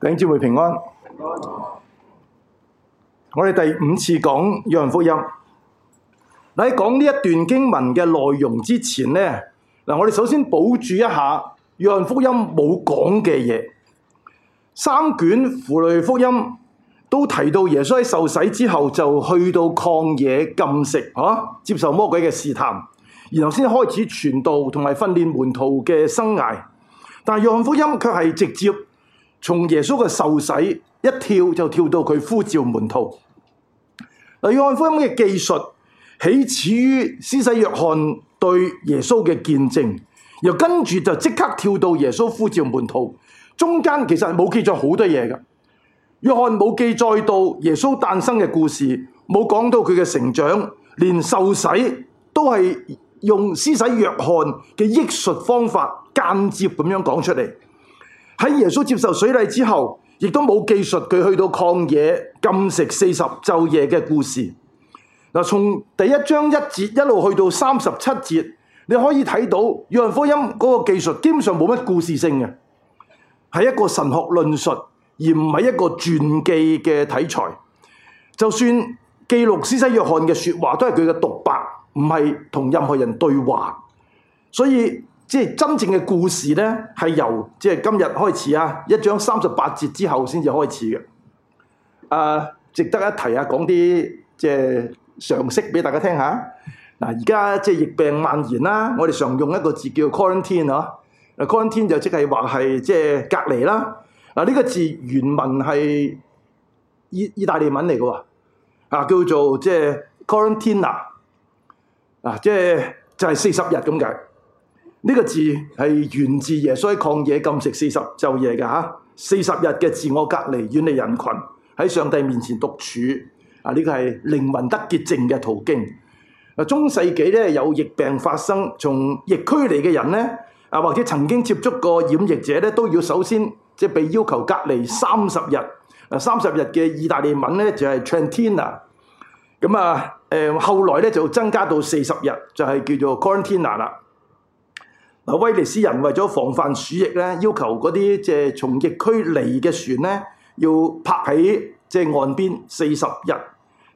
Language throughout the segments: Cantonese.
弟兄姊妹平安。平安。我哋第五次講約翰福音。喺講呢一段經文嘅內容之前呢，我哋首先補注一下約翰福音冇講嘅嘢。三卷符類福音都提到耶穌喺受洗之後就去到曠野禁食，啊，接受魔鬼嘅試探，然後先開始傳道同埋訓練門徒嘅生涯。但係約翰福音卻係直接。從耶穌嘅受洗一跳就跳到佢呼召門徒。約翰福音嘅技術起始於施洗約翰對耶穌嘅見證，又跟住就即刻跳到耶穌呼召門徒。中間其實冇記載好多嘢嘅。約翰冇記載到耶穌誕生嘅故事，冇講到佢嘅成長，連受洗都係用施洗約翰嘅憶述方法間接咁樣講出嚟。喺耶穌接受水禮之後，亦都冇記述佢去到曠野禁食四十晝夜嘅故事。嗱，從第一章一節一路去到三十七節，你可以睇到約翰福音嗰個記述基本上冇乜故事性嘅，係一個神學論述，而唔係一個傳記嘅題材。就算記錄施洗約翰嘅說話，都係佢嘅獨白，唔係同任何人對話，所以。即係真正嘅故事咧，係由即係今日開始啊！一章三十八節之後先至開始嘅。啊、呃，值得一提啊，講啲即係常識俾大家聽下。嗱，而家即係疫病蔓延啦，我哋常用一個字叫 quarantine 嗬、啊。quarantine 就即係話係即係隔離啦。嗱、啊，呢、這個字原文係意意大利文嚟嘅喎，啊，叫做即係 quarantena 啊，即係就係四十日咁解。呢個字係源自耶穌喺曠野禁食四十晝夜嘅四十日嘅自我隔離，遠離人群，喺上帝面前獨處。啊，呢個係靈魂得潔淨嘅途徑。啊。中世紀咧有疫病發生，從疫區嚟嘅人呢，或者曾經接觸過染疫者呢，都要首先即係被要求隔離三十日。啊。三十日嘅意大利文呢，就係 Trentina 啊。咁啊，誒後來咧就增加到四十日，就係叫做 Quarantina 啦。威尼斯人為咗防範鼠疫咧，要求嗰啲即從疫區嚟嘅船咧，要泊喺岸邊四十日。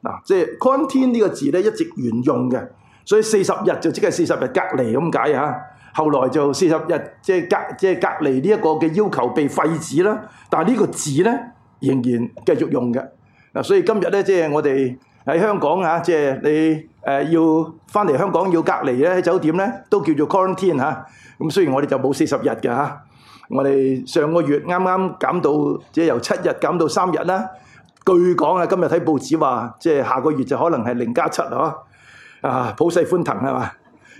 嗱、啊，即係 quarantine 呢個字咧一直沿用嘅，所以四十日就即係四十日隔離咁解嚇。後來就四十日即係、就是、隔即係、就是、隔離呢一個嘅要求被廢止啦，但係呢個字咧仍然繼續用嘅。嗱、啊，所以今日咧即係我哋喺香港啊，即、就、係、是、你誒、呃、要翻嚟香港要隔離咧，喺酒店咧都叫做 quarantine 嚇、啊。咁雖然我哋就冇四十日嘅吓，我哋上個月啱啱減到即係由七日減到三日啦。據講啊，今日睇報紙話，即係下個月就可能係零加七啊！啊，普世歡騰係嘛？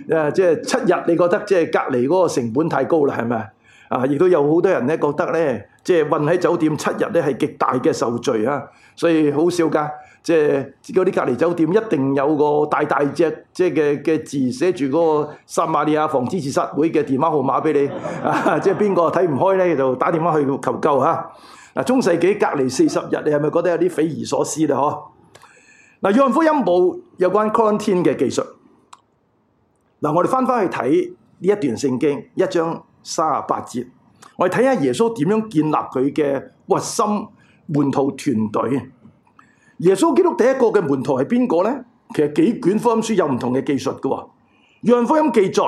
誒，即係七日，你覺得即係隔離嗰個成本太高啦，係咪？啊，亦都有好多人呢覺得呢，即係困喺酒店七日呢係極大嘅受罪啊，所以好笑噶。即係嗰啲隔離酒店一定有個大大隻，即係嘅嘅字寫住嗰個撒瑪利亞防止自殺會嘅電話號碼畀你， 即係邊個睇唔開咧，就打電話去求救嚇。嗱，中世紀隔離四十日，你係咪覺得有啲匪夷所思啦嗬？嗱、啊，約翰福音冇有關 quarantine 嘅技術。嗱、啊，我哋翻返去睇呢一段聖經一章三十八節，我哋睇下耶穌點樣建立佢嘅核心門徒團隊。耶穌基督第一個嘅門徒係邊個咧？其實幾卷福音書有唔同嘅技術噶、哦。約翰福音記載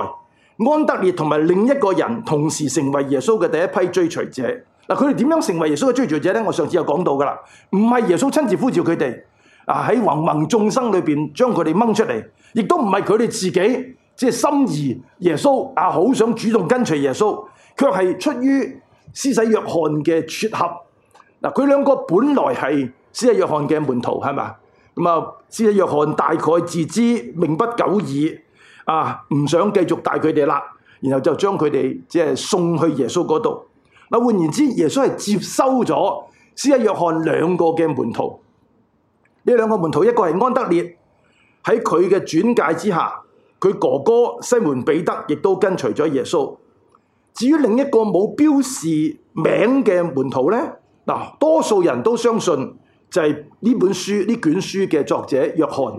安德烈同埋另一個人同時成為耶穌嘅第一批追隨者。嗱、啊，佢哋點樣成為耶穌嘅追隨者呢？我上次就講到噶啦，唔係耶穌親自呼召佢哋啊，喺芸芸眾生裏面將佢哋掹出嚟，亦都唔係佢哋自己即係心儀耶穌啊，好想主動跟隨耶穌，卻係出於施洗約翰嘅撮合。嗱、啊，佢兩個本來係。施洗約翰嘅門徒係咪？咁啊，施洗約翰大概自知命不久矣，啊，唔想繼續帶佢哋啦，然後就將佢哋即係送去耶穌嗰度。嗱，換言之，耶穌係接收咗施洗約翰兩個嘅門徒。呢兩個門徒，一個係安德烈，喺佢嘅轉介之下，佢哥哥西門彼得亦都跟隨咗耶穌。至於另一個冇標示名嘅門徒呢，嗱，多數人都相信。就係呢本書呢卷書嘅作者約翰，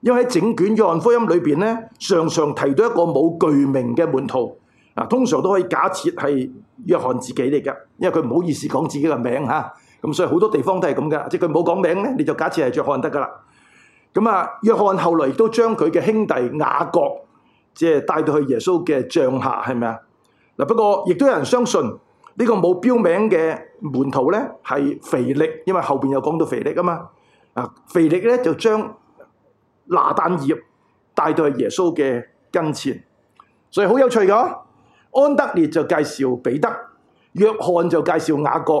因為喺整卷約翰福音裏面咧，常常提到一個冇具名嘅門徒，啊，通常都可以假設係約翰自己嚟嘅，因為佢唔好意思講自己嘅名嚇，咁、啊、所以好多地方都係咁嘅，即係佢冇講名咧，你就假設係約翰得噶啦。咁啊，約翰後嚟亦都將佢嘅兄弟雅各，即係帶到去耶穌嘅帳下，係咪啊？不過亦都有人相信。呢個冇標名嘅門徒呢，係腓力，因為後面又講到腓力啊嘛。啊，腓力呢，就將拿但業帶到去耶穌嘅跟前，所以好有趣㗎、哦。安德烈就介紹彼得，約翰就介紹雅各，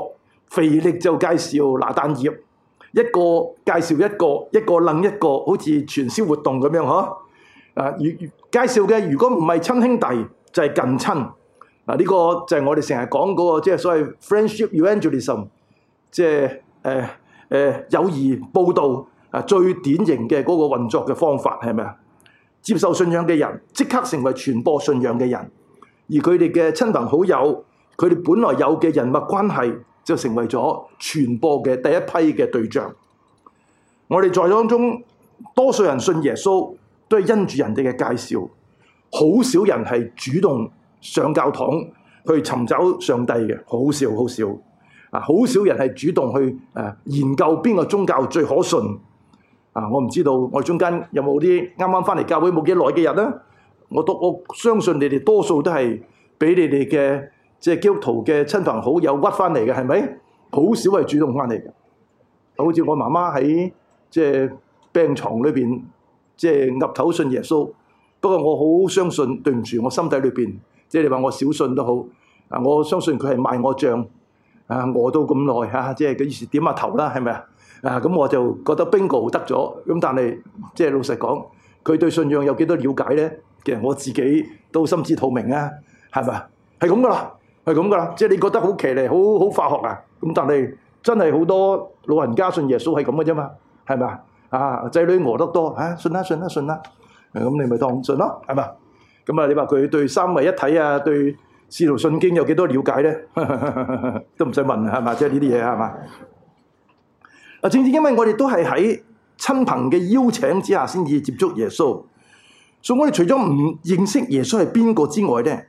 腓力就介紹拿但業，一個介紹一個，一個楞一個，好似傳銷活動咁樣呵。啊，介紹嘅如果唔係親兄弟，就係、是、近親。嗱，呢個就係我哋成日講嗰個，即係所謂 friendship evangelism，即係誒誒友誼佈道啊，最典型嘅嗰個運作嘅方法係咪啊？接受信仰嘅人即刻成為傳播信仰嘅人，而佢哋嘅親朋好友，佢哋本來有嘅人脈關係就成為咗傳播嘅第一批嘅對象。我哋在當中多數人信耶穌都係因住人哋嘅介紹，好少人係主動。上教堂去尋找上帝嘅好少好少啊！好少人係主動去誒、啊、研究邊個宗教最可信啊！我唔知道我中間有冇啲啱啱返嚟教會冇幾耐嘅人呢？我都我相信你哋多數都係畀你哋嘅即係基督徒嘅親朋好友屈返嚟嘅係咪？好少係主動返嚟嘅。好似我媽媽喺即係病床裏邊即係岌頭信耶穌。不過我好相信，對唔住我心底裏邊。即係你話我小信都好，啊我相信佢係賣我帳，啊餓到咁耐嚇，即係佢意思點下頭啦，係咪啊？啊咁我就覺得 bingo 得咗，咁但係即係老實講，佢對信仰有幾多了解咧？其實我自己都心知肚明啊，係咪？係咁噶啦，係咁噶啦。即係你覺得好騎呢，好好化學啊！咁但係真係好多老人家信耶穌係咁噶啫嘛，係咪啊，啊，啊，啊，啊，啊？啊仔女餓得多嚇，信啊信啊信啊，咁你咪當信咯，係咪？咁、嗯、你話佢對三位一體啊，對使徒信經有幾多了解呢？ 都唔使問係嘛，即係呢啲嘢係嘛？正正因為我哋都係喺親朋嘅邀請之下，先至接觸耶穌，所以我哋除咗唔認識耶穌係邊個之外呢，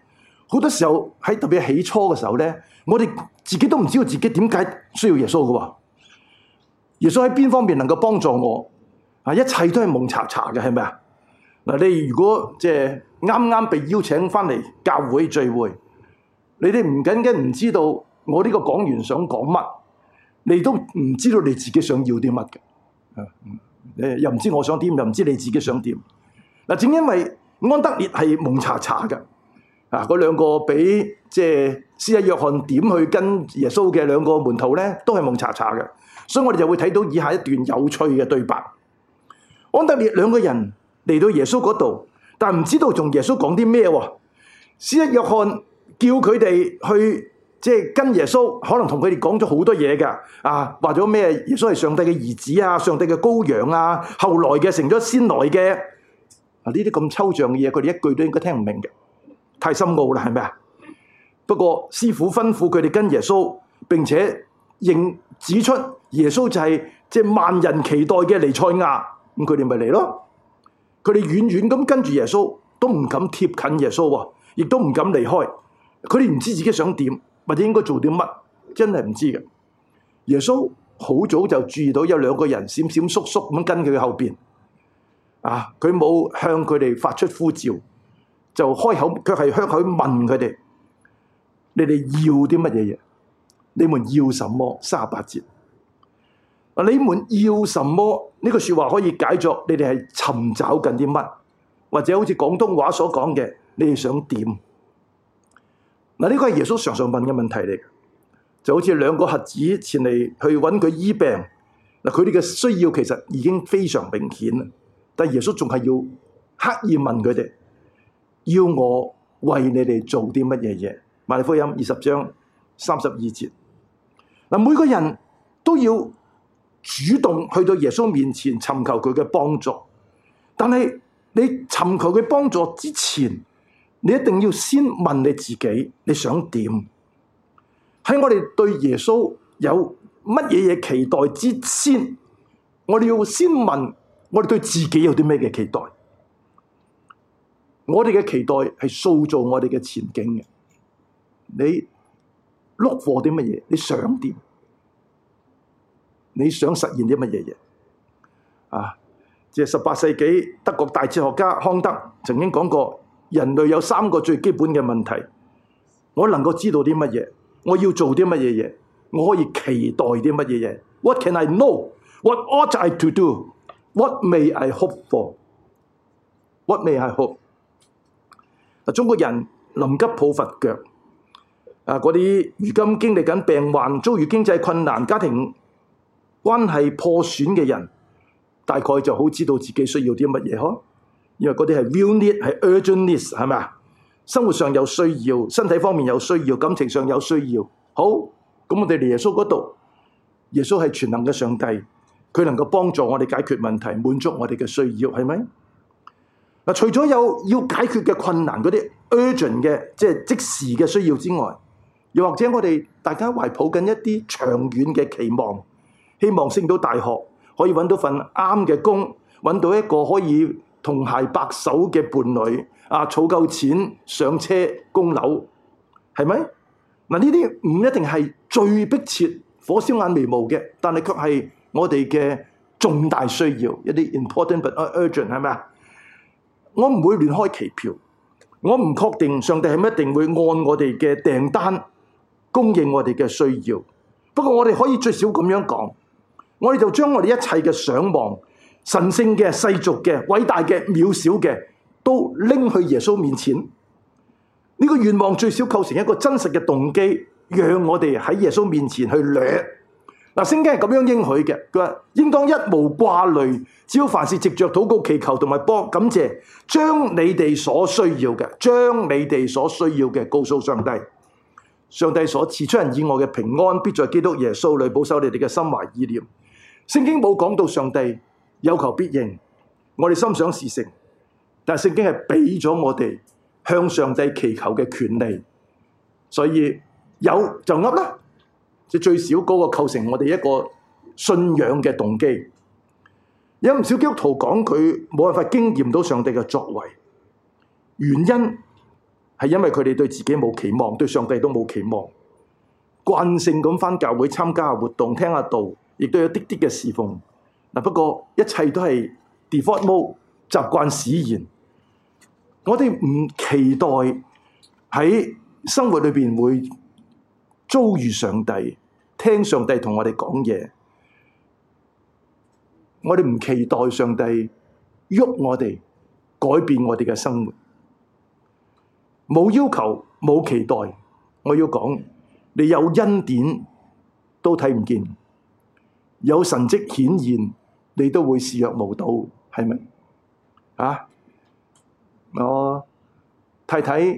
好多時候喺特別起初嘅時候呢，我哋自己都唔知道自己點解需要耶穌嘅。耶穌喺邊方面能夠幫助我啊？一切都係蒙查查嘅，係咪啊？你如果即係啱啱被邀請翻嚟教會聚會，你哋唔僅僅唔知道我呢個講員想講乜，你都唔知道你自己想要啲乜嘅，又唔知我想點，又唔知你自己想點。嗱，正因為安德烈係蒙查查嘅，嗰兩個俾施洗約翰點去跟耶穌嘅兩個門徒咧，都係蒙查查嘅，所以我哋就會睇到以下一段有趣嘅對白。安德烈兩個人。嚟到耶穌嗰度，但係唔知道同耶穌講啲咩。施一約翰叫佢哋去，即係跟耶穌，可能同佢哋講咗好多嘢嘅。啊，話咗咩？耶穌係上帝嘅兒子啊，上帝嘅羔羊啊。後來嘅成咗先來嘅。啊，呢啲咁抽象嘅嘢，佢哋一句都應該聽唔明嘅，太深奧啦，係咪啊？不過師傅吩咐佢哋跟耶穌，並且認指出耶穌就係即萬人期待嘅尼賽亞，咁佢哋咪嚟咯。佢哋遠遠咁跟住耶穌，都唔敢貼近耶穌，亦都唔敢離開。佢哋唔知道自己想點，或者應該做啲乜，真係唔知嘅。耶穌好早就注意到有兩個人閃閃縮縮咁跟佢後面。啊，佢冇向佢哋發出呼召，就開口卻係向佢問佢哋：你哋要啲乜嘢？你們要什麼？三十八節。你們要什麼？呢句說話可以解作你哋係尋找緊啲乜，或者好似廣東話所講嘅，你哋想點？嗱，呢個係耶穌常常問嘅問題嚟嘅，就好似兩個瞎子前嚟去揾佢醫病。嗱，佢哋嘅需要其實已經非常明顯啦，但係耶穌仲係要刻意問佢哋，要我為你哋做啲乜嘢嘢？馬利福音二十章三十二節。每個人都要。主動去到耶穌面前尋求佢嘅幫助，但係你尋求佢幫助之前，你一定要先問你自己，你想點？喺我哋對耶穌有乜嘢嘢期待之前，我哋要先問我哋對自己有啲咩嘅期待？我哋嘅期待係塑造我哋嘅前景嘅。你 look for 啲乜嘢？你想點？你想實現啲乜嘢嘢？啊，即係十八世紀德國大哲學家康德曾經講過，人類有三個最基本嘅問題：我能夠知道啲乜嘢？我要做啲乜嘢嘢？我可以期待啲乜嘢嘢？What can I know? What ought I to do? What may I hope for? What may I hope？啊，中國人臨急抱佛腳，啊，嗰啲如今經歷緊病患，遭遇經濟困難，家庭。關係破損嘅人，大概就好知道自己需要啲乜嘢嗬。因為嗰啲係 will need，係 urgency 係咪啊？生活上有需要，身體方面有需要，感情上有需要。好，咁我哋嚟耶穌嗰度，耶穌係全能嘅上帝，佢能夠幫助我哋解決問題，滿足我哋嘅需要，係咪？除咗有要解決嘅困難嗰啲 urgent 嘅，urg 的就是，即係即時嘅需要之外，又或者我哋大家懷抱緊一啲長遠嘅期望。希望升到大學，可以揾到份啱嘅工，揾到一個可以同鞋白手嘅伴侶，啊，儲夠錢上車供樓，係咪？嗱，呢啲唔一定係最迫切、火燒眼眉毛嘅，但係卻係我哋嘅重大需要，一啲 important but urgent 係咪？我唔會亂開期票，我唔確定上帝係咪一定會按我哋嘅訂單供應我哋嘅需要。不過我哋可以最少咁樣講。我哋就將我哋一切嘅想望、神聖嘅、世俗嘅、偉大嘅、渺小嘅，都拎去耶穌面前。呢、這個願望最少構成一個真實嘅動機，讓我哋喺耶穌面前去掠。嗱，聖經係咁樣應許嘅，佢話，應當一無掛慮，只要凡事藉着禱告、祈求同埋幫感謝，將你哋所需要嘅，將你哋所需要嘅告訴上帝。上帝所賜出人意外嘅平安，必在基督耶穌裏保守你哋嘅心懷意念。聖經冇講到上帝有求必應，我哋心想事成，但係聖經係俾咗我哋向上帝祈求嘅權利，所以有就噏啦，即最少嗰個構成我哋一個信仰嘅動機。有唔少基督徒講佢冇辦法經驗到上帝嘅作為，原因係因為佢哋對自己冇期望，對上帝都冇期望，慣性咁返教會參加活動，聽下道。亦都有啲啲嘅侍奉，不過一切都係 default mode，習慣使然。我哋唔期待喺生活裏面會遭遇上帝，聽上帝同我哋講嘢。我哋唔期待上帝喐我哋改變我哋嘅生活，冇要求，冇期待。我要講，你有恩典都睇唔見。有神跡顯現，你都會視若無睹，係咪？啊，我太太琴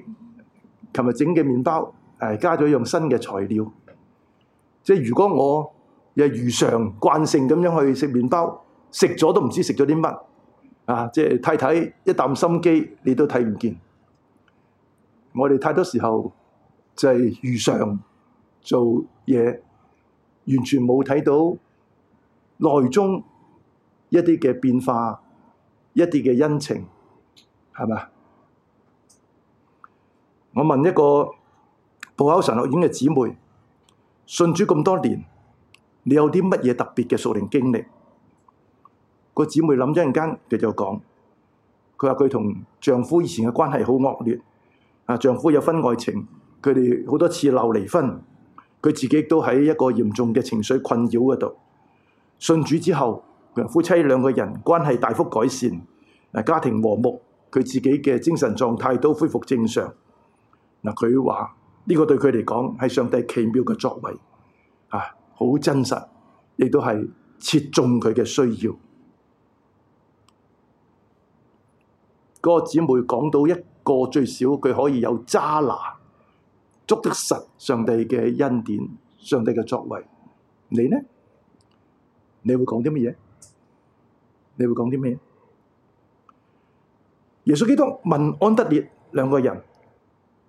日整嘅麵包，啊、加咗一樣新嘅材料。即係如果我又如常慣性咁樣去食麵包，食咗都唔知食咗啲乜。啊，即係太太一啖心機，你都睇唔見。我哋太多時候就係如常做嘢，完全冇睇到，內中一啲嘅變化，一啲嘅恩情，係咪？我問一個報考神學院嘅姊妹，信主咁多年，你有啲乜嘢特別嘅屬靈經歷？個姊妹諗咗一陣間，佢就講，佢話佢同丈夫以前嘅關係好惡劣，啊，丈夫有婚外情，佢哋好多次鬧離婚，佢自己都喺一個嚴重嘅情緒困擾嗰度。信主之後，兩夫妻兩個人關係大幅改善，家庭和睦，佢自己嘅精神狀態都恢復正常。嗱，佢話呢個對佢嚟講係上帝奇妙嘅作為，啊，好真實，亦都係切中佢嘅需要。嗰、那個姐妹講到一個最少佢可以有揸拿，捉得實上帝嘅恩典、上帝嘅作為。你呢？你會講啲乜嘢？你會講啲乜嘢？耶穌基督問安德烈兩個人：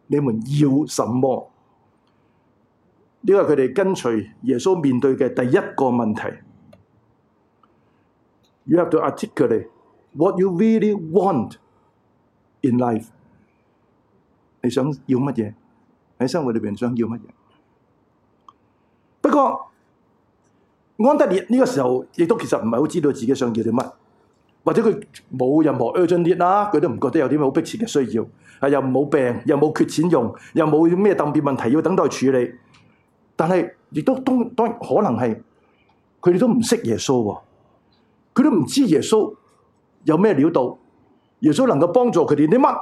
你們要什麼？呢個係佢哋跟隨耶穌面對嘅第一個問題。You have to articulate what you really want in life。你想要乜嘢？喺生活裏邊想要乜嘢？不過。安德烈呢、這個時候亦都其實唔係好知道自己想要啲乜，或者佢冇任何 urgent need 啦，佢都唔覺得有啲咩好迫切嘅需要，啊又冇病，又冇缺錢用，又冇咩特別問題要等待處理，但係亦都都當然可能係佢哋都唔識耶穌，佢都唔知道耶穌有咩料到，耶穌能夠幫助佢哋啲乜，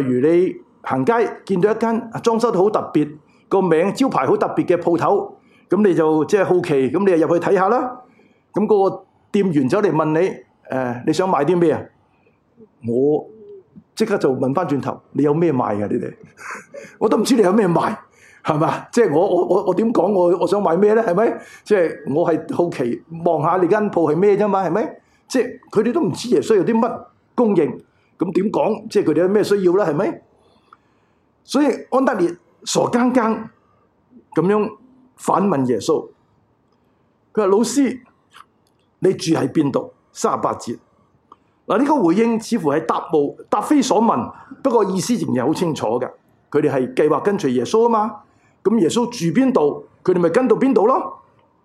例如你行街見到一間裝修得好特別、個名招牌好特別嘅鋪頭。咁你就即係好奇，咁你就入去睇下啦。咁、那、嗰個店員走嚟問你：誒、呃，你想買啲咩啊？我即刻就問返轉頭，你有咩賣嘅你哋？ 我都唔知你有咩賣，係嘛？即係我我我我點講？我我，我想買咩咧？係咪？即係我係好奇，望下你間鋪係咩啫嘛？係咪？即係佢哋都唔知人需要啲乜供應，咁點講？即係佢哋有咩需要啦？係咪？所以安德烈傻更更咁樣。反問耶穌，佢話老師，你住喺邊度？三十八節，嗱、這、呢個回應似乎係答冇，答非所問，不過意思仍然好清楚嘅。佢哋係計劃跟隨耶穌啊嘛，咁耶穌住邊度，佢哋咪跟到邊度咯。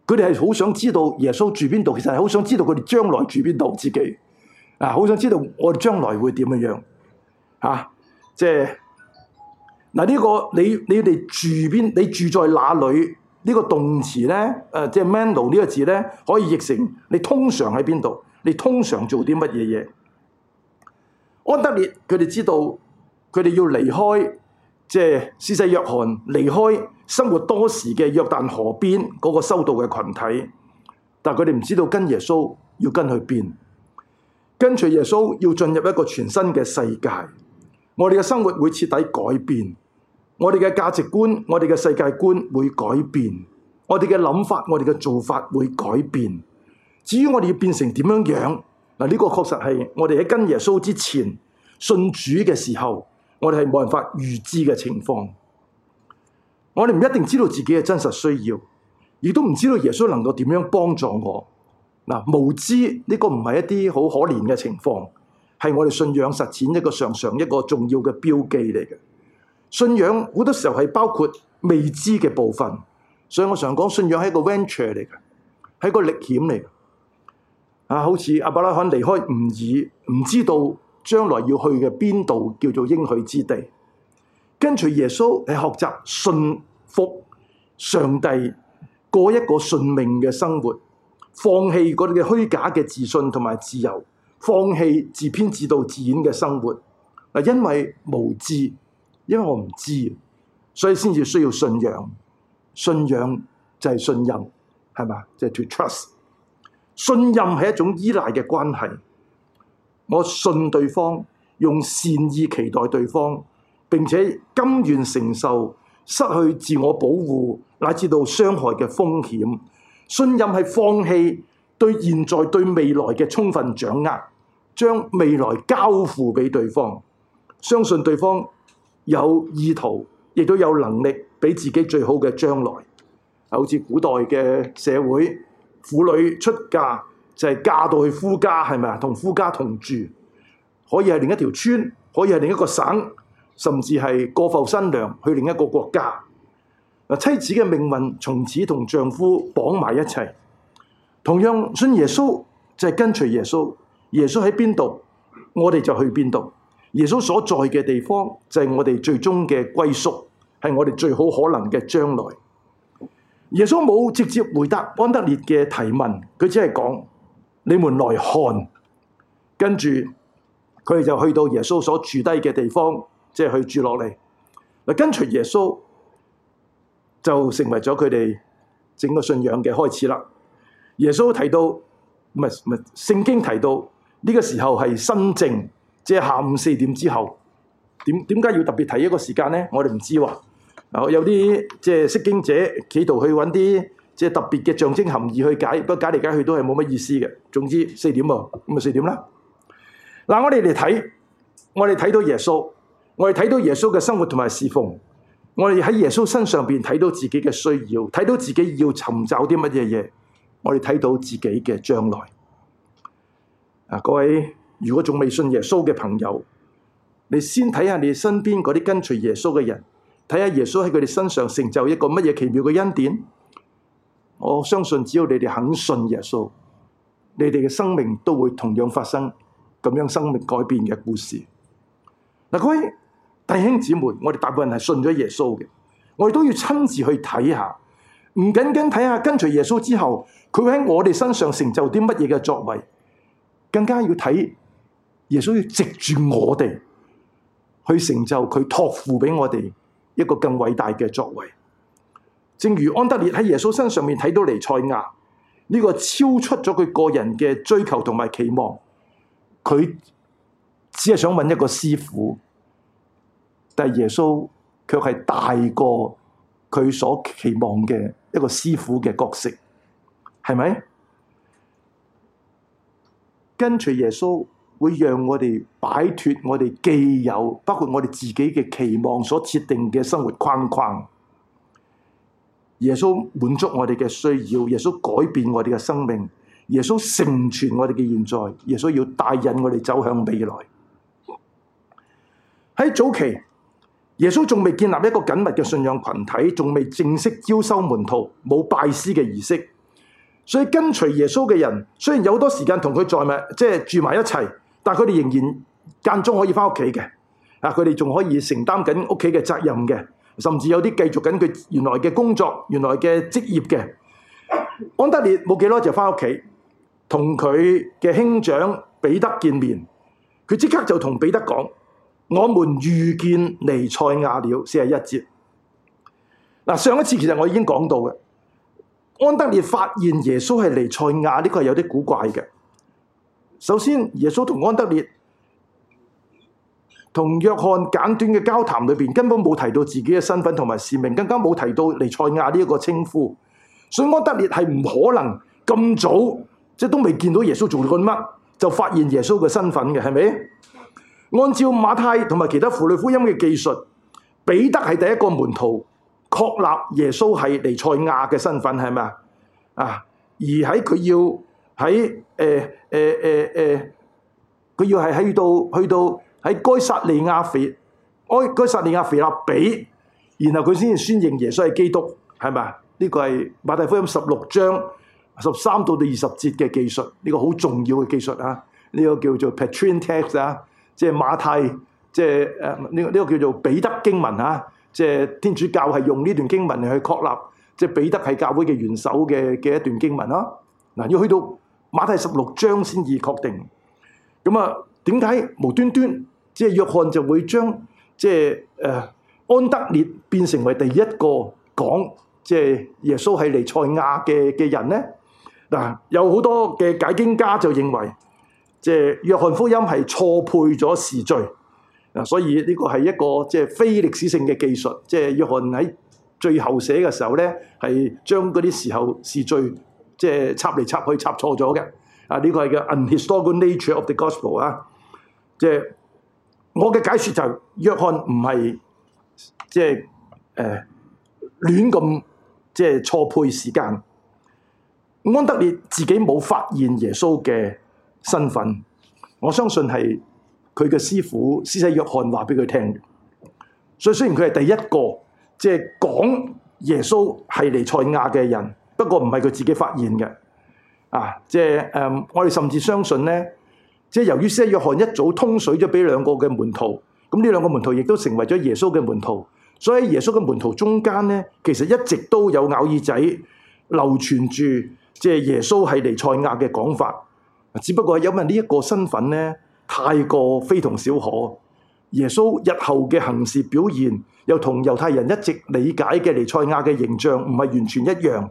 佢哋係好想知道耶穌住邊度，其實係好想知道佢哋將來住邊度自己。，啊，好想知道我哋將來會點樣，啊，即係嗱呢個你你哋住邊，你住在哪裡？呢個動詞呢，誒、呃，即係 m a n u a 呢個字呢，可以譯成你通常喺邊度，你通常做啲乜嘢嘢？安德烈佢哋知道，佢哋要離開，即係施洗約翰離開生活多時嘅約旦河邊嗰、那個修道嘅群體，但佢哋唔知道跟耶穌要跟去邊？跟隨耶穌要進入一個全新嘅世界，我哋嘅生活會徹底改變。我哋嘅價值觀、我哋嘅世界觀會改變，我哋嘅諗法、我哋嘅做法會改變。至於我哋要變成點樣樣，嗱、這、呢個確實係我哋喺跟耶穌之前信主嘅時候，我哋係冇辦法預知嘅情況。我哋唔一定知道自己嘅真實需要，亦都唔知道耶穌能夠點樣幫助我。嗱，無知呢、這個唔係一啲好可憐嘅情況，係我哋信仰實踐一個上上一個重要嘅標記嚟嘅。信仰好多時候係包括未知嘅部分，所以我常講信仰係一個 venture 嚟嘅，係一個歷險嚟嘅。啊，好似阿伯拉罕離開吾爾，唔知道將來要去嘅邊度叫做應許之地。跟隨耶穌，你學習信服上帝，過一個信命嘅生活，放棄嗰啲嘅虛假嘅自信同埋自由，放棄自編自導自演嘅生活。啊，因為無知。因為我唔知，所以先至需要信仰。信仰就係信任，係嘛？就係、是、to trust。信任係一種依賴嘅關係。我信對方，用善意期待對方，並且甘願承受失去自我保護乃至到傷害嘅風險。信任係放棄對現在對未來嘅充分掌握，將未來交付俾對方，相信對方。有意圖，亦都有能力俾自己最好嘅將來。好似古代嘅社會，婦女出嫁就係、是、嫁到去夫家，係咪啊？同夫家同住，可以係另一條村，可以係另一個省，甚至係過埠新娘去另一個國家。妻子嘅命運從此同丈夫綁埋一齊。同樣信耶穌就係、是、跟隨耶穌，耶穌喺邊度，我哋就去邊度。耶穌所在嘅地方就係、是、我哋最終嘅歸宿，係我哋最好可能嘅將來。耶穌冇直接回答安德烈嘅提問，佢只係講，你們來看，跟住佢哋就去到耶穌所住低嘅地方，即係去住落嚟。跟隨耶穌就成為咗佢哋整個信仰嘅開始啦。耶穌提到唔係，唔係聖經提到呢、這個時候係申正。即係下午四點之後，點點解要特別睇一個時間咧？我哋唔知喎。有啲即係識經者企圖去揾啲即係特別嘅象徵含義去解，不過解嚟解去都係冇乜意思嘅。總之四點喎，咁啊四點啦。嗱，我哋嚟睇，我哋睇到耶穌，我哋睇到耶穌嘅生活同埋侍奉，我哋喺耶穌身上邊睇到自己嘅需要，睇到自己要尋找啲乜嘢嘢，我哋睇到自己嘅將來。啊，各位。如果仲未信耶穌嘅朋友，你先睇下你身邊嗰啲跟隨耶穌嘅人，睇下耶穌喺佢哋身上成就一個乜嘢奇妙嘅恩典。我相信只要你哋肯信耶穌，你哋嘅生命都會同樣發生咁樣生命改變嘅故事。嗱，各位弟兄姊妹，我哋大部分人係信咗耶穌嘅，我哋都要親自去睇下，唔僅僅睇下跟隨耶穌之後，佢喺我哋身上成就啲乜嘢嘅作為，更加要睇。耶穌要藉住我哋去成就佢託付俾我哋一個更偉大嘅作為。正如安德烈喺耶穌身上面睇到彌賽亞呢，這個超出咗佢個人嘅追求同埋期望，佢只係想揾一個師傅，但係耶穌卻係大過佢所期望嘅一個師傅嘅角色，係咪？跟隨耶穌會讓我哋擺脫我哋既有，包括我哋自己嘅期望所設定嘅生活框框。耶穌滿足我哋嘅需要，耶穌改變我哋嘅生命，耶穌成全我哋嘅現在，耶穌要帶引我哋走向未來。喺早期，耶穌仲未建立一個緊密嘅信仰群體，仲未正式招收門徒，冇拜師嘅儀式。所以跟隨耶穌嘅人，雖然有好多時間同佢在埋，即係住埋一齊。但佢哋仍然間中可以返屋企嘅，啊！佢哋仲可以承擔緊屋企嘅責任嘅，甚至有啲繼續緊佢原來嘅工作、原來嘅職業嘅。安德烈冇幾耐就返屋企，同佢嘅兄長彼得見面，佢即刻就同彼得講：「我們遇見尼賽亞彌賽亞了。」四十一節。嗱，上一次其實我已經講到嘅，安德烈發現耶穌係彌賽亞，呢個係有啲古怪嘅。首先，耶穌同安德烈同約翰簡短嘅交談裏邊根本冇提到自己嘅身份同埋使命，更加冇提到彌賽亞呢一個稱呼。所以安德烈係唔可能咁早，即係都未見到耶穌做過乜，就發現耶穌嘅身份嘅，係咪？按照馬太同埋其他符類福音嘅記述，彼得係第一個門徒，確立耶穌係彌賽亞嘅身份，係咪啊？啊，而喺佢要喺。誒誒誒誒，佢要係去到去到喺該撒利亞腓，埃該撒利亞腓立比，然後佢先至宣認耶穌係基督，係咪啊？呢個係馬太福音十六章十三到到二十節嘅記述，呢個好重要嘅記述啊！呢個叫做 Petrine text 啊，即係馬太，即係誒呢個呢個叫做彼得經文啊，即係天主教係用呢段經文嚟去確立，即係彼得係教會嘅元首嘅嘅一段經文囉。嗱，要去到。馬太十六章先至確定，咁啊，點解無端端即係約翰就會將即係誒、呃、安德烈變成為第一個講即係耶穌係彌賽亞嘅嘅人呢？嗱、啊，有好多嘅解經家就認為，即係約翰福音係錯配咗時序、啊，所以呢個係一個即係非歷史性嘅技術，即係約翰喺最後寫嘅時候咧，係將嗰啲時候時序。即係插嚟插去插錯咗嘅。啊呢、這個係叫 unhistorical nature of the gospel 啊。即係我嘅解説就係、是、約翰唔係即係誒亂咁即係錯配時間。安德烈自己冇發現耶穌嘅身份，我相信係佢嘅師傅施洗約翰話畀佢聽。所以雖然佢係第一個即係講耶穌係彌賽亞嘅人。不過唔係佢自己發現嘅，啊，即係、呃、我哋甚至相信呢，即由於西約翰一早通水咗俾兩個嘅門徒，咁呢兩個門徒亦都成為咗耶穌嘅門徒，所以耶穌嘅門徒中間呢，其實一直都有咬耳仔流傳住，即耶穌係尼賽亞嘅講法。只不過因為呢一個身份呢，太過非同小可，耶穌日後嘅行事表現又同猶太人一直理解嘅尼賽亞嘅形象唔係完全一樣。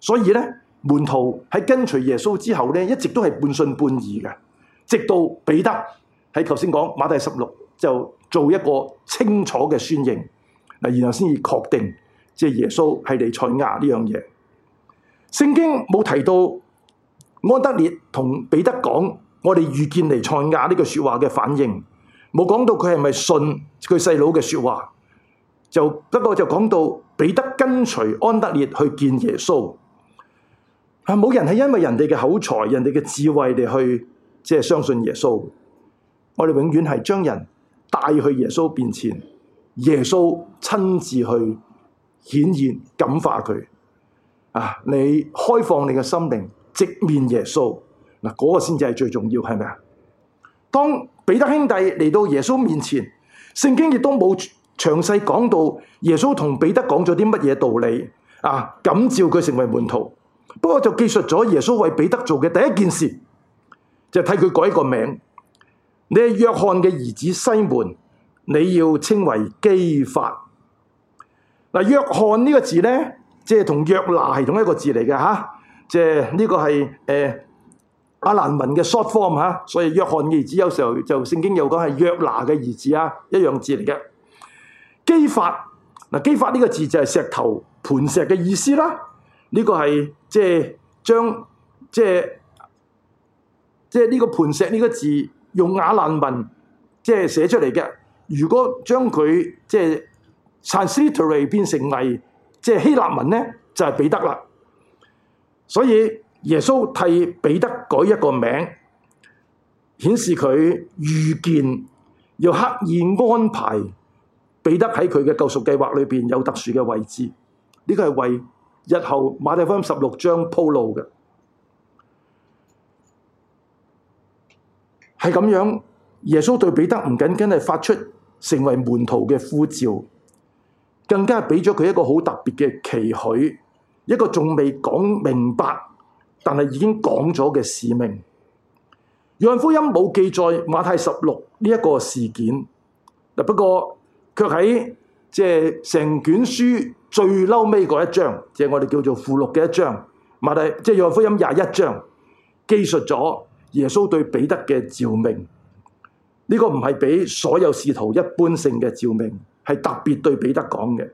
所以咧，門徒喺跟隨耶穌之後咧，一直都係半信半疑嘅，直到彼得喺頭先講馬太十六就做一個清楚嘅宣認，然後先至確定，即係耶穌係彌賽亞呢樣嘢。聖經冇提到安德烈同彼得講我哋遇見彌賽亞呢句説話嘅反應，冇講到佢係咪信佢細佬嘅説話，不過就講到彼得跟隨安德烈去見耶穌。啊！冇人係因為人哋嘅口才，人哋嘅智慧嚟去相信耶穌的。我哋永遠係將人帶去耶穌面前，耶穌親自去顯現，感化佢。啊！你開放你嘅心靈，直面耶穌嗱，嗰，嗰個先至係最重要，係咪啊？當彼得兄弟嚟到耶穌面前，聖經亦都冇詳細講到耶穌同彼得講咗啲乜嘢道理啊，感召佢成為門徒。不過就記述咗耶穌為彼得做嘅第一件事，就替、是、佢改個名。你係約翰嘅兒子西門，你要稱為基法。嗱，約翰個呢個字咧，即係同約拿係同一個字嚟嘅吓，即係呢個係誒、呃、亞蘭文嘅 short form 吓、啊，所以約翰嘅兒子有時候就聖經有講係約拿嘅兒子啊，一樣字嚟嘅。基法嗱、啊，基法呢個字就係石頭磐石嘅意思啦，呢、這個係。即係將即係即係呢個磐石呢個字用亞蘭文即係寫出嚟嘅。如果將佢即係 transliterate 變成係即係希臘文咧，就係彼得啦。所以耶穌替彼得改一個名，顯示佢預見要刻意安排彼得喺佢嘅救贖計劃裏邊有特殊嘅位置。呢個係為日後馬太福音十六章，鋪路嘅係咁樣，耶穌對彼得唔僅僅係發出成為門徒嘅呼召，更加係俾咗佢一個好特別嘅期許，一個仲未講明白但係已經講咗嘅使命。約翰福音冇記載馬太十六呢一個事件，不過卻喺即成卷書，最嬲尾嗰一章，即係我哋叫做附錄嘅一章，即係約翰福音廿一章，記述咗耶穌對彼得嘅召命。呢、這個唔係俾所有使徒一般性嘅召命，係特別對彼得講嘅。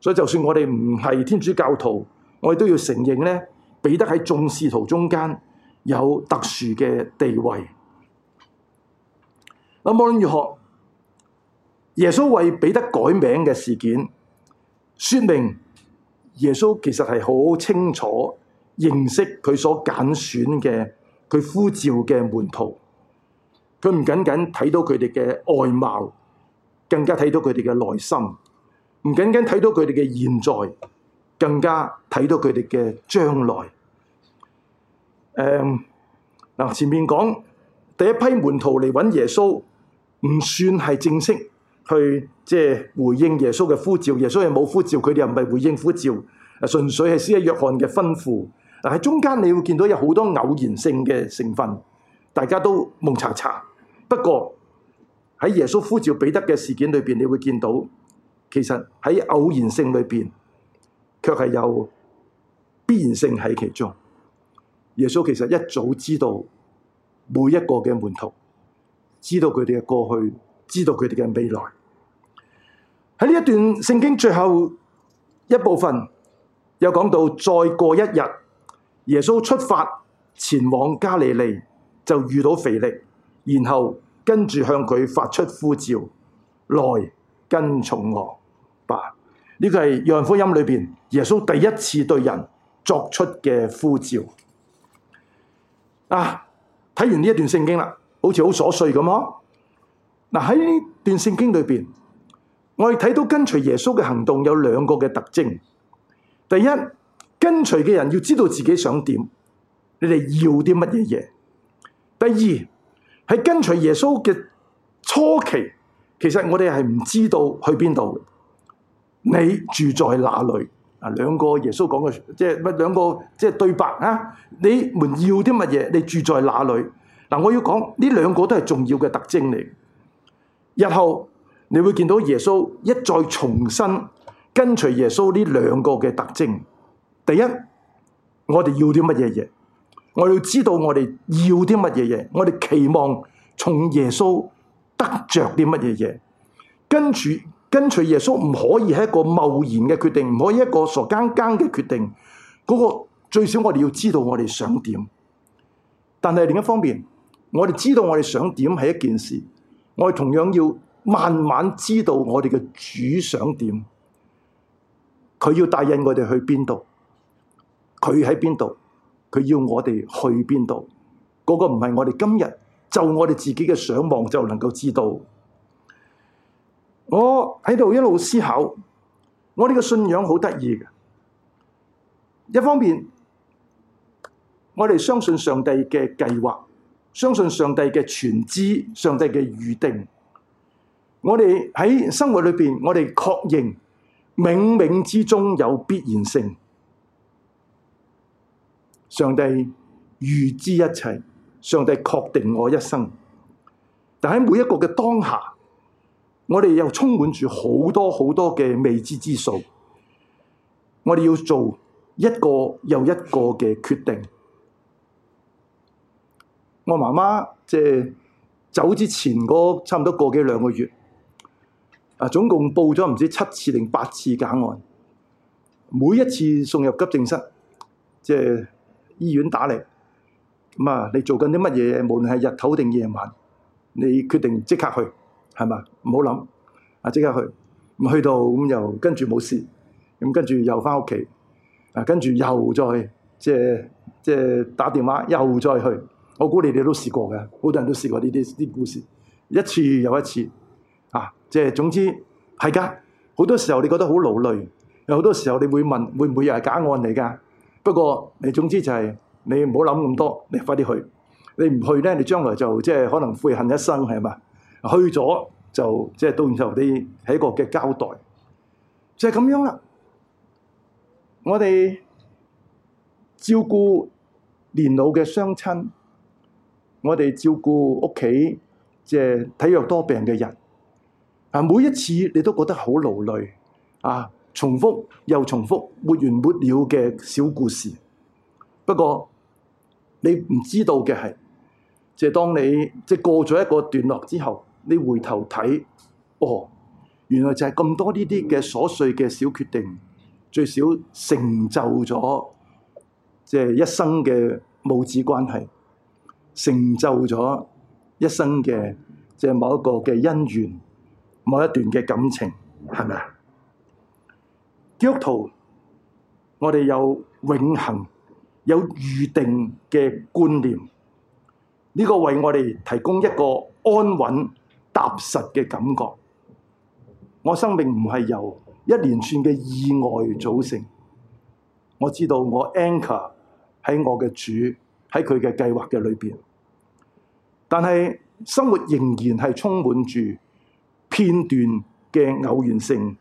所以就算我哋唔係天主教徒，我哋都要承認呢：彼得喺眾使徒中間有特殊嘅地位。噉無論如何，耶穌為彼得改名嘅事件，說明耶穌其實係好清楚認識佢所揀選嘅、佢呼召嘅門徒，佢唔僅僅睇到佢哋嘅外貌，更加睇到佢哋嘅內心，唔僅僅睇到佢哋嘅現在，更加睇到佢哋嘅將來。誒，嗱，前面講第一批門徒嚟搵耶穌，唔算係正式，去即係回應耶穌嘅呼召，耶穌係冇呼召，佢哋又唔係回應呼召，純粹係施洗約翰嘅吩咐。喺中間你會見到有好多偶然性嘅成分，大家都蒙查查。不過喺耶穌呼召彼得嘅事件裏邊，你會見到其實喺偶然性裏邊，卻係有必然性喺其中。耶穌其實一早知道每一個嘅門徒，知道佢哋嘅過去，知道佢哋嘅未來。喺呢一段聖經最後一部分，又講到再過一日，耶穌出發前往加利利，就遇到腓力，然後跟住向佢發出呼召，來跟從我吧。呢個係約翰福音裏面耶穌第一次對人作出嘅呼召。啊，睇完呢一段聖經啦，好似好瑣碎咁咯。嗱，喺段聖經裏面，我哋睇到跟隨耶穌嘅行動有兩個嘅特徵。第一，跟隨嘅人要知道自己想點，你哋要啲乜嘢嘢。第二，喺跟隨耶穌嘅初期，其實我哋係唔知道去邊度。你住在哪裏？啊，兩個耶穌講嘅，即係乜兩個即係對白啊？你們要啲乜嘢？你住在哪裏？我要講呢兩個都係重要嘅特徵嚟。日後你會見到耶穌一再重申「跟隨耶穌」呢兩個嘅特徵。第一，我哋要啲乜嘢嘢，我要知道我哋要啲乜嘢嘢，我哋期望從耶穌得着啲乜嘢嘢。跟住跟隨耶穌唔可以係一個貿然嘅決定，唔可以一個傻更更嘅決定。嗰個，最少我哋要知道我哋想點。但係另一方面，我哋知道我哋想點係一件事。我同樣要慢慢知道我哋嘅主想點，佢要帶引我哋去邊度，佢喺邊度，佢要我哋去邊度，嗰個唔係我哋今日就我哋自己嘅想望就能夠知道。我喺度一路思考，我哋嘅信仰好得意嘅，一方面我哋相信上帝嘅計劃。相信上帝嘅全知，上帝嘅預定。我哋喺生活裏邊，我哋確認冥冥之中有必然性。上帝預知一切，上帝確定我一生。但喺每一個嘅當下，我哋又充滿住好多好多嘅未知之數。我哋要做一個又一個嘅決定。我媽媽走之前差唔多個幾兩個月，啊總共報咗唔知七次定八次假案，每一次送入急症室，即醫院打嚟，咁啊你做緊啲乜嘢？無論係日頭定夜晚，你決定即刻去，係嘛？唔好諗，啊即刻去，去到又跟住冇事，跟住又返屋企，跟住又再去，即即係打電話又再去。我估你哋都試過嘅，好多人都試過呢啲啲故事，一次又一次，啊，即係總之係噶，好多時候你覺得好勞累，有好多時候你會問，會唔會又係假案嚟噶？不過你總之就係你唔好諗咁多，你快啲去，你唔去咧，你將來就即係可能悔恨一生係嘛？去咗就即係到完之後啲係一個嘅交代，就係咁樣啦。我哋照顧年老嘅雙親。我哋照顧屋企，即係體弱多病嘅人。啊，每一次你都覺得好勞累啊，重複又重複，沒完沒了嘅小故事。不過你唔知道嘅係，即係當你即係過咗一個段落之後，你回頭睇，哦，原來就係咁多呢啲嘅瑣碎嘅小決定，最少成就咗即係一生嘅母子關係。成就咗一生嘅即係某一個嘅姻緣，某一段嘅感情，係咪啊？基督徒，我哋有永恒、有預定嘅觀念，呢個為我哋提供一個安穩、踏實嘅感覺。我生命唔係由一連串嘅意外組成，我知道我 anchor 喺我嘅主。喺佢嘅計劃嘅裏面，但係生活仍然係充滿住片段嘅偶然性，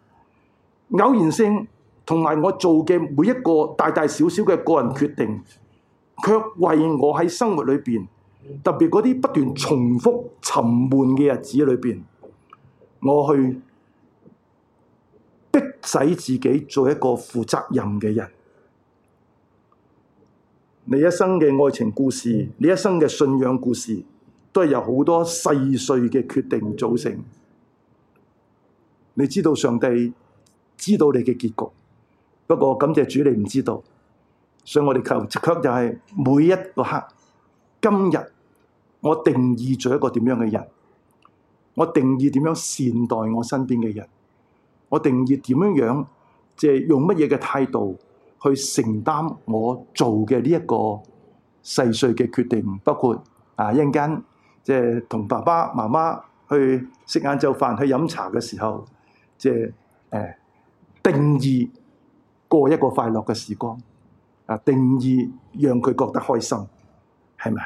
偶然性同埋我做嘅每一個大大小小嘅個人決定，卻為我喺生活裏面，特別嗰啲不斷重複沉悶嘅日子裏面，我去逼使自己做一個負責任嘅人。你一生嘅愛情故事，你一生嘅信仰故事，都係由好多細碎嘅決定組成。你知道上帝知道你嘅結局，不過感謝主你唔知道。所以我哋求卻就係每一個刻，今日我定義咗一個點樣嘅人，我定義點樣善待我身邊嘅人，我定義點樣樣，即係用乜嘢嘅態度。去承擔我做嘅呢一個細碎嘅決定，包括啊一陣間即係同爸爸媽媽去食晏晝飯、去飲茶嘅時候，即係誒定義過一個快樂嘅時光，啊定義讓佢覺得開心，係咪？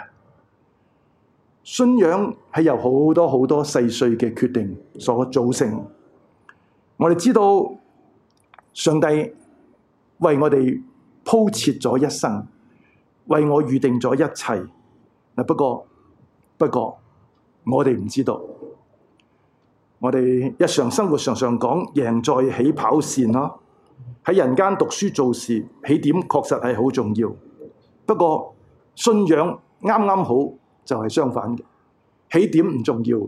信仰係由好多好多細碎嘅決定所組成。我哋知道上帝。為我哋鋪設咗一生，為我預定咗一切。不過不過我哋唔知道。我哋日常生活常常講贏在起跑線咯，喺人間讀書做事，起點確實係好重要。不過信仰啱啱好就係相反嘅，起點唔重要，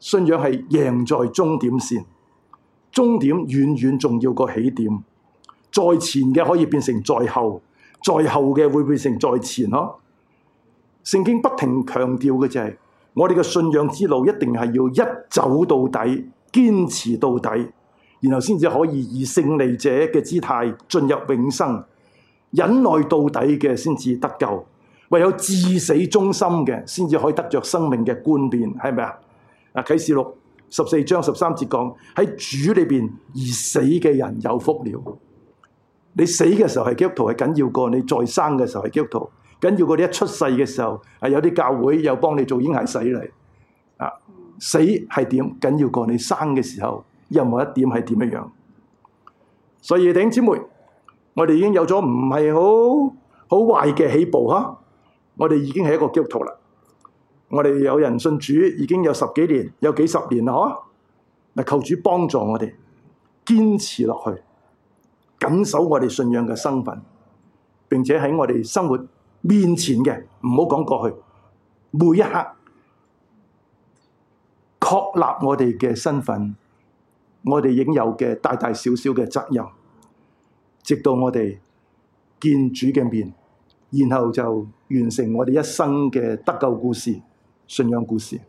信仰係贏在終點線，終點遠遠重要過起點。在前嘅可以變成在後，在後嘅會變成在前咯。聖經不停強調嘅就係、是，我哋嘅信仰之路一定係要一走到底，堅持到底，然後先至可以以勝利者嘅姿態進入永生。忍耐到底嘅先至得救，唯有至死忠心嘅先至可以得着生命嘅冠冕。」係咪啊？啊啟示錄十四章十三節講喺主裏邊而死嘅人有福了。你死嘅時候係基督徒係緊要過你再生嘅時候係基督徒，緊要過你一出世嘅時候係有啲教會又幫你做嬰孩洗禮啊，死係點緊要過你生嘅時候任何一點係點一樣，所以弟兄姊妹，我哋已經有咗唔係好好壞嘅起步哈，我哋已經係一個基督徒啦，我哋有人信主已經有十幾年，有幾十年啦，啊，嚟，求主幫助我哋堅持落去。謹守我哋信仰嘅身份，並且喺我哋生活面前嘅，唔好講過去，每一刻確立我哋嘅身份，我哋應有嘅大大小小嘅責任，直到我哋見主嘅面，然後就完成我哋一生嘅得救故事、信仰故事。